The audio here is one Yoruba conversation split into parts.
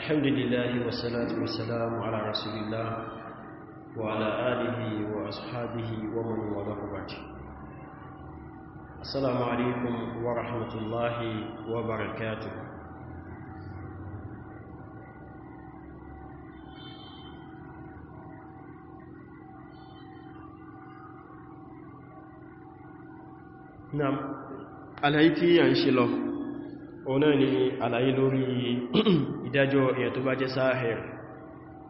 الحمد لله والصلاة والسلام على رسول الله وعلى آله وأصحابه ومن والاه بعد السلام عليكم ورحمة الله وبركاته نعم على tí a ń Ona ni àlàyé lórí ìdájọ́ èyàn tó bá jẹ́ sáhẹ̀r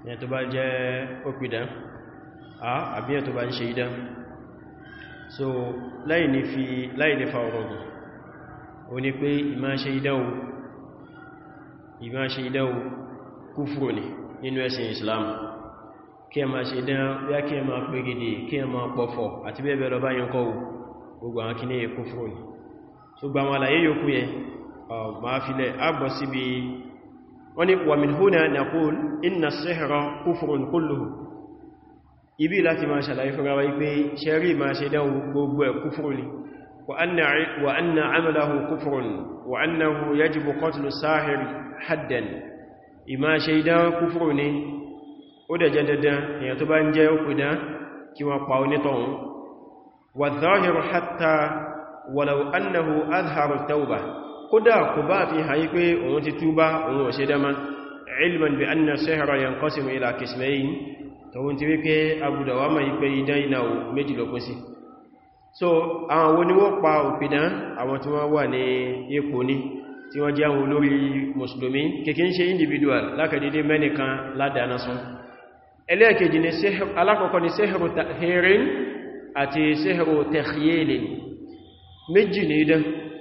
èyàn tó bá jẹ́ òpìdán àbí èyàn tó bá ń ṣe idán so láì ní fi láì ní fa ọ̀rọ̀gùn o ní pé ìmá ṣe idán kúfúrò ní nínú ẹ̀sìn Islam kí ẹ máa ṣe idán bí a kí ẹ máa pẹ́gidi kí ẹ máa pọ̀fọ̀ àti bẹ́ẹ̀ bẹ́ẹ̀ lọ bá yẹn kọ́wò gbogbo àwọn kí ní kúfúrò ní gbogbo àwọn àlàyé yòókù yẹn máa filẹ̀ àbọ̀ síbi wọ́n ni wa min huna naqul inna as-sihra kufrun kulluhu ibi láti máa ṣàlàyé fún rawa ipé ṣẹ́rí máa ṣe dánwò gbogbo ẹ̀ kúfùrù ni wa anna amalahu kufrun wa annahu yajibu qatlu sahiri haddan ìmá ṣe dán kúfùrù ni ó dẹ̀ jẹ́ dandan èyàn tó bá ń jẹ́ òkú dán kí wọ́n pa onítọ̀hún wa zahiru hatta walau annahu azharu tawbah kódà kò bá fi hayi pé òun ti túbá òun ò ṣe dáma ilman bi anna sehra yanqasimu ila qismayn tòun ti wípé abuda wa ma ipe idán iná o méjì lọ kún sí so àwọn wo ni wọ́n pa òpìdán àwọn tí wọ́n wà ní ipò ní tí wọ́n jẹ́ àwọn olórí mùsùlùmí kìkí ń ṣe individual lákàdídé mẹ́nìkan ládàáná sún ẹlẹ́ẹ̀kejì ni alákọ̀ọ́kọ́ ni sehru tahirin àti sehru takhyelin méjì ni idán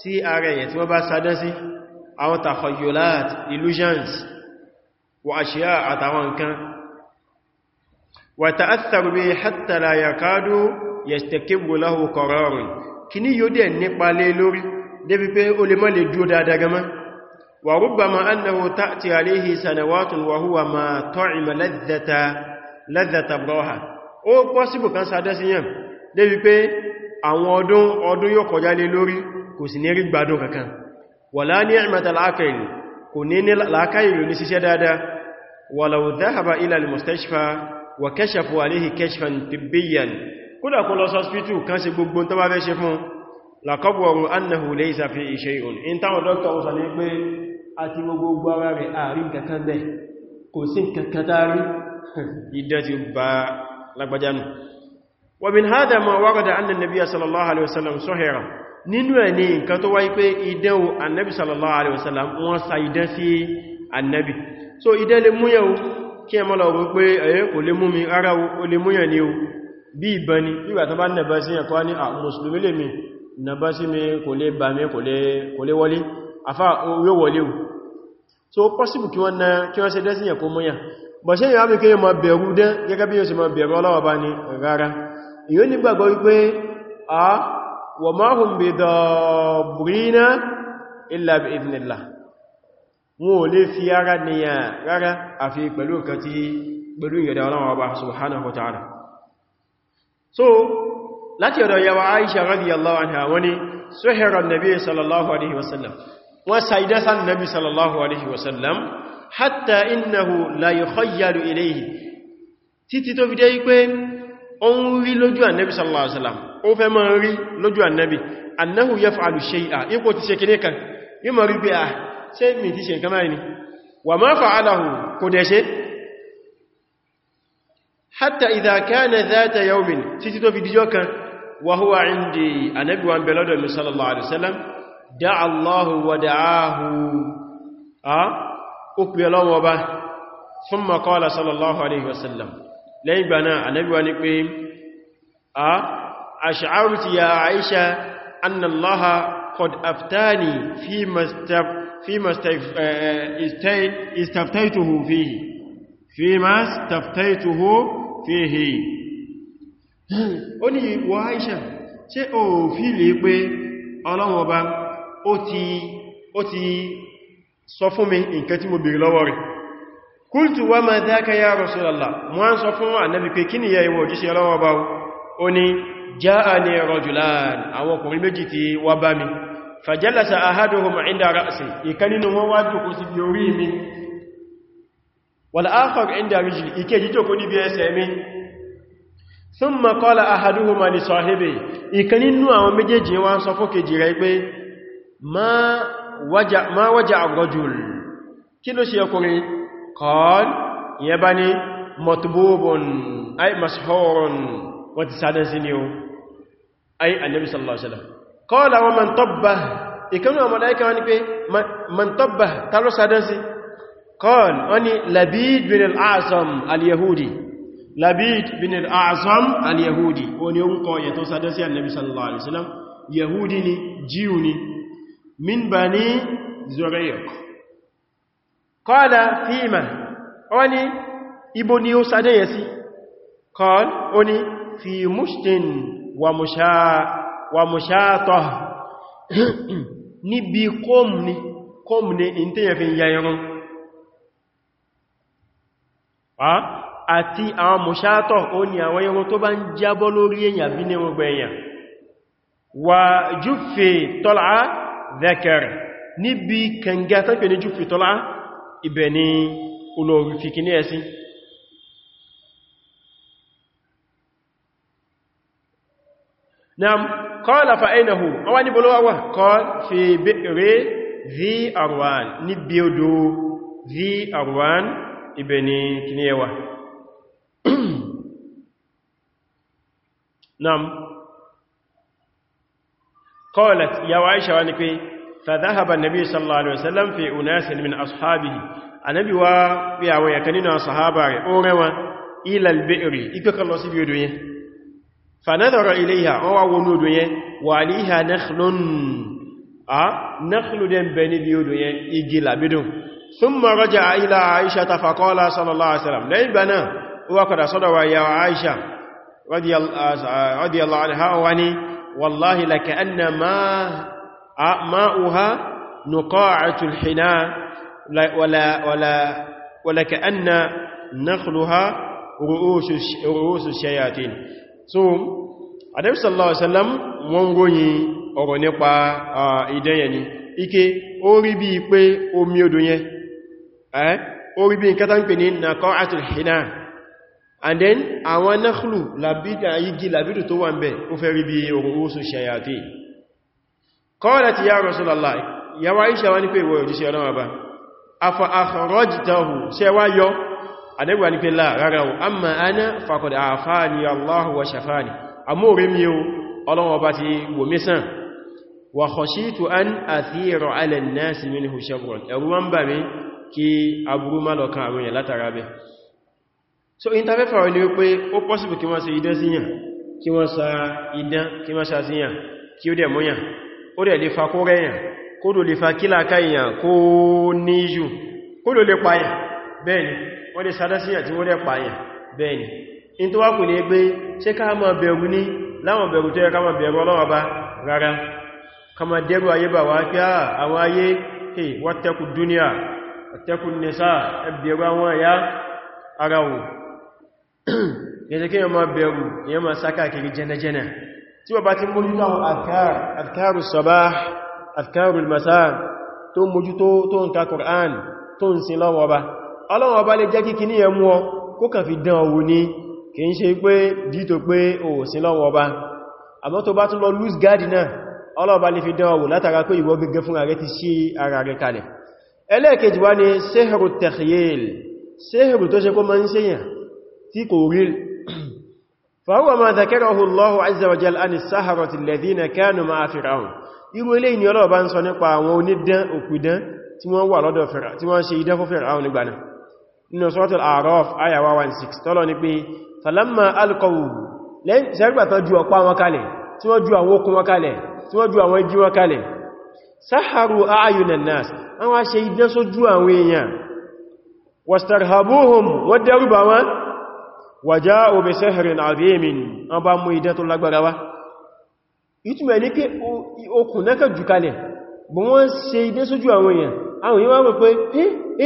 sí ara èyàn tí wọ́n bá sádán sí àwọn takhayyulat illusions wa ashiya àtàwọn nǹkan wa ta'atharu bi hatta la yakadu yastakibu lahu qararun kíní yóò dẹ̀ nípa lé lórí débi pé ó lè mọ́ lè dúó dáadáa gama wa rubbama annahu ta'ti alayhi sanawatun wa huwa ma ta'ima ladhata ladhata ó possible kan sádán sí yàn débi pé àwọn ọdún ọdún yóò kọjá lé lórí kò sì ní rí gbádùn kankan wala ni'mata al-aql kò ní ní làákàyè ní ṣiṣẹ́ dáadáa walau dhahaba ila al-mustashfa wa kashafu alayhi kashfan tibbiyan kódà kó lọ sọ́spítù kan sí gbogbo wa min hadha ma warada anna an sallallahu alaihi wasallam suhira nínú ẹ̀ ni nǹkan tó wáyé pé idán o annabi sallallahu alaihi wasallam wọ́n sa idán sí annabi so idán lè múyẹ̀ o kí ẹ mọ́lọ̀ wọ́n pé ẹ̀yẹ́ kò lè mú mi rárá o lè múyẹ̀ ni o bí ìbọn ni ìgbà tó bá nẹ̀bá sí ẹ̀kọ́ ní à mùsùlùmí so possible kí wọ́n náà kí wọ́n ṣe dẹ́sí ẹ̀kọ́ múyà bọ̀ ṣe ìyá mi kí ma bẹ̀rù dẹ́ gẹ́gẹ́ bí a wa ma hum bidarrina illa bi idhnillah wọn ò lè fi ara nìyà rárá àfi pẹ̀lú nǹkan tí pẹ̀lú ìyọ̀dá Ọlọ́run Ọba subhanahu wa so láti ọ̀dọ̀ yawa Aisha radiyallahu anha wani suhira nabi sallallahu alaihi wasallam wọ́n saidasan nabi sallallahu alaihi wasallam hatta innahu la yukhayyalu ilayhi títí tó fi dé pé ó ń rí lójú annabi sallallahu alaihi ó fẹ́ máa rí lójú annabi annahu yaf'alu shay'a ipò ti ṣe kìní kan yí ma rí bí a ṣe mi ti ṣe nǹkan máa ní wa ma fa'alahu kò dẹ̀ ṣe hatta idha kana dhata yawmin títí tó fi díjọ́ kan wa huwa indi annabi wa bẹ̀ lọ́dọ̀ mi sallallahu alaihi wasallam lẹ́yìn gbaná annabi ní pé a أشعرت يا عائشة أن الله قد أفتاني فيما استف... فيما استف... استف... استفتيته فيه فيما استفتيته فيه ó ní ìwọ̀ Aisha ṣe ò fílì pé ọlọ́run ọba ó ti sọ fún mi nǹkan tí mo bèèrè lọ́wọ́ rẹ̀ qultu wa ma dhaka ya Rasulallah mo ń sọ fún Ànábì pé kí ni ya ìwọ̀ òjíṣẹ́ ọlọ́run ọba o ó ní ja'ani rajulan àwọn ọkùnrin méjì tí wá bá mi fajalasa ahaduhuma inda ra'si ìkan nínú wọn wá jókòó sí bí orí mi wal akhar inda rijli ìkejì jókòó ní bí ẹsẹ̀ mi thumma qala ahaduhuma li sahibi ìkan nínú àwọn méjèèjì wá sọ fún kejì wọ́n ti sádẹ́ sí ni o ayi annabi sallallahu alaihi wasallam qala wa man tabba ìkanú àwọn mọ̀láíkà wọ́n ni pé man tabba tàbí sádẹ́ sí qala wọ́n ni labid bin al'asam al-yahudi labid bin al'asam al-yahudi wọ́n ni ó ń kọ yẹ̀tọ́ sádẹ́ sí annabi sallallahu alaihi wasallam yahudi ni jíu ni min bani zurayq qala fima wọ́n ni ibo ni ó sádẹ́ yẹ sí fi mushtin wa musha wa mushatah níbi kóòmù kóòmù in tí yẹn fi ya irun àti àwọn mushatah ó ní àwọn irun tó bá ń jábọ́ lórí èyàn bí ní gbogbo èyàn wà júfè tọ́lá dhakar níbi kẹngẹ́ tọ́pẹ̀ ní júfè tọ́lá ibẹ̀ ni olóòrùn ẹ̀sìn نعم قال فأينه أواني بلوه قال في بئر ذي أروان نبيودو ذي أروان ابن كنيوة نعم قالت يا عائشة وانكي فذهب النبي صلى الله عليه وسلم في أناس من أصحابه النبي وفي أولا كنين أصحابه أوروا إلى البئر إكاك الله سبيدوه فنظر إليها أو ونود وعليها نخل نخل دين بني بيود إجلا بدون ثم رجع إلى عائشة فقال صلى الله عليه وسلم لين بنا وقد صدوا يا عائشة رضي الله عنها واني والله لكأن ما ماؤها الحناء ولا ولا ولكأن نخلها رؤوس رؤوس الشياطين so Ànábì sallallahu alaihi wasallam wọ́n ròyìn ọ̀rọ̀ nípa ìdẹ́yẹ ni ike ó rí bí pé omi odò yẹn eh ó rí bí nǹkan tán pè ní naqa'atul hina and then àwọn nakhlu labida igi labidu tó wà ń bẹ ó fẹ́ rí bí orun ó so ṣayàtì qalat ya rasulallah àdẹ́gbà ní pé láàrára wọn amma ana faqad afani Allahu wa shafani amóre mi o ọlọ́wọ́ bá ti wò mí sàn wa khashitu an athira ala an-nasi minhu sharran ẹ̀rù so interfẹ́ fàwọn ni wípé ó pọ́sìbù kí wọ́n ṣe idán síyàn kí wọ́n sa idán kí wọ́n sa síyàn kí ó dẹ̀ múyàn ó dẹ̀ lè wọ́n lè sádásíyàn tí wọ́n lè pààyàn bẹ́ẹ̀ni in tó wá kù ní pé ṣe ká má bẹ̀rù ní láwọn bẹ̀rù tó yẹ ká má bẹ̀rù Ọlọ́run bá rárá ká má dẹ́rù ayé bà wá pé ah, àwọn ayé hey wọ́tẹ́kù dúníà wọ́tẹ́kù nìsá ẹbẹ̀rù àwọn ẹ̀yà ara sabah adkaru al-masa tó mójútó Qur'an tó ń sin ọlọ́run ọba lè jẹ́ kíkí ní ẹmú ọ kó kàn fi dán owó ní kì ń ṣe pé dìtò pé o sí lọ́wọ́ ọba àmọ́ tó bá tún lọ lose guard náà ọlọ́ọba lè fi dán owó látara pé ìwọ gẹ́gẹ́ fún ààrẹ ti sí ara rẹ kalẹ̀ ẹlẹ́ẹ̀kejì tí فهو ما ذكره الله عز وجل عن الذين كانوا مع فرعون irú eléyìí ni Ọlọ́run bá ń sọ nípa àwọn onídán òpìdán tí wọ́n wà lọ́dọ̀ fẹ́ra tí wọ́n ṣe idán fún àwọn nígbà nínú sọ́tọ̀ àrọ́f ayawa 16 tọ́lọ ni pé falamma alkọwù lẹ́gbà tán ju ọ̀pá wọn kalẹ̀ tí wọ́n ju àwọn okun wọn kalẹ̀ tí wọ́n ju àwọn igi wọn kalẹ̀ sáhàrù ayunan nas an wá ṣe idán sójú àwọn èèyàn wastarhabuhum wọ́n dẹ́rùbà wọn wàjá obi sẹ́hìrin azimin an bá mú idán tó lágbára wá ìtumẹ̀ ní pé okùn náà jù kalẹ̀ bí wọ́n ṣe idán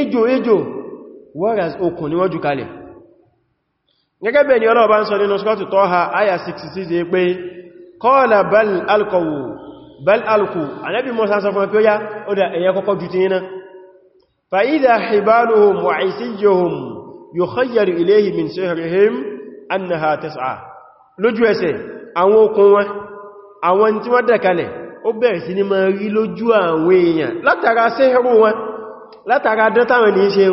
ejò whereas okùn ni wọ́n jù kalẹ̀ gẹ́gẹ́ bẹ̀ ni Ọlọ́run bá ń sọ nínú suratu Taha aya 66 pé qala bal alqaw bal alqu Ànábì Mùsá sọ fún pé ó yá ó dà ẹ̀yẹ kọ́kọ́ jù ti yína fa idha hibaluhum wa isijuhum yukhayyalu ilayhi min sihrihim annaha tas'a lójú ẹsẹ̀ tí wọ́n sí ni wọn látara dátàwọn ní ṣe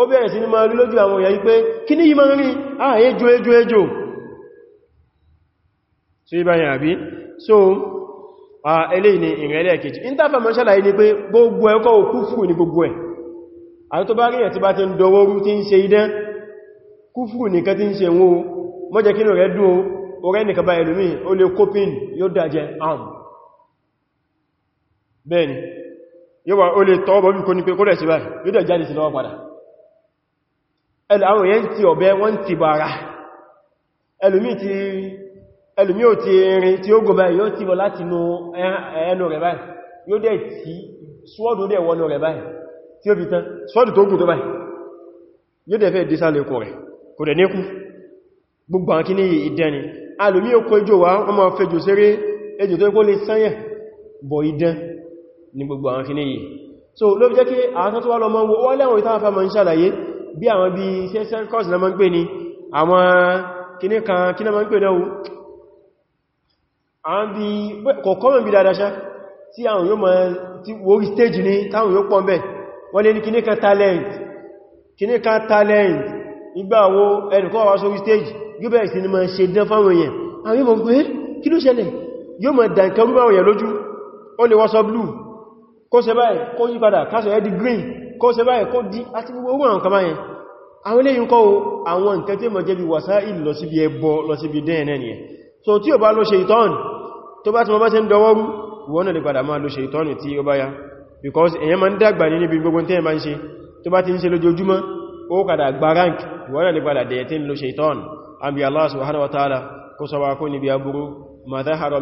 ó bẹ̀rẹ̀ sí ní máa rí lójú àwọn èèyàn pé kí ní yìí máa rí ah ejò ejò ejò tí bá yà so eléyìí ni ìrẹ̀lẹ̀ kejì ìntàfà mọ́ ṣàlàyé ni pé gbogbo ẹ̀kọ́ òkú fúrù ní gbogbo ẹ̀ àti tó bá rí ẹ̀ tí bá ti ń dọwọ́rú tí ń ṣe idán kú fúrù nìkan tí ń ṣe wó mọ́jẹ́ kínú rẹ̀ dùn orẹ́ àwọn èèyàn ti ọ̀bẹ wọ́n ti bàrà ẹlùmí ò ti rin tí ó gọba yóò ti bọ̀ láti ẹnu rẹ̀ báyìí yóò dẹ̀ tí swọ́dù dẹ̀ wọnú rẹ̀ báyìí tí ó fi tán swọ́dù tó gùn tó báyìí yóò dẹ̀ fẹ́ dísàlẹ̀ kò rẹ̀ kò dẹ̀ níkú gbogbo àkí ní ìdán so lo fi jẹ́ kí àwọn tó wá lọ mọ́ wọ́n láwọn ìtàfà mọ́ ń ṣàlàyé bí àwọn bí iṣẹ́ circus na ma ń pè ní àwọn kíní kan kíní ma ń pè náà àwọn bí kọ̀kọ́mọ̀ bí dáadáa tí àwọn yóò ma ti wórí stage ní táwọn yóò pọ̀ mẹ́ wọ́n lè ní kíní kan talent kíní kan talent ìgbàwo ẹnìkọ́ wá sórí stage yóò bẹ̀rẹ̀ sí ni ma ṣe dán fáwọn èèyàn àwọn yóò mọ̀ pé kí ló ṣẹlẹ̀ yóò mọ̀ dànkan rúbáwọn èèyàn lójú green kó ṣe báyìí kó dí àti gbogbo ohun àwọn kama yẹn àwọn ilé yìí kọ́ àwọn nǹkan tí mọ̀ jẹ́ bí wàsáìlì lọ síbi ẹbọ lọ síbi dẹ́ẹ̀nà ni ẹ̀ so tí o bá lọ ṣe ìtọ́n tó bá ti mọ́ bá ṣe ń dọwọ́rú wọ́n lè padà máa wa ma zahara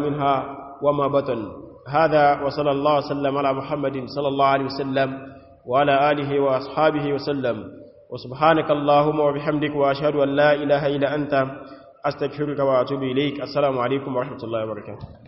hada wa sallallahu ala muhammadin sallallahu alaihi wasallam وعلى آله وأصحابه وسلم وسبحانك اللهم وبحمدك وأشهد أن لا إله إلا أنت أستغفرك وأتوب إليك السلام عليكم ورحمة الله وبركاته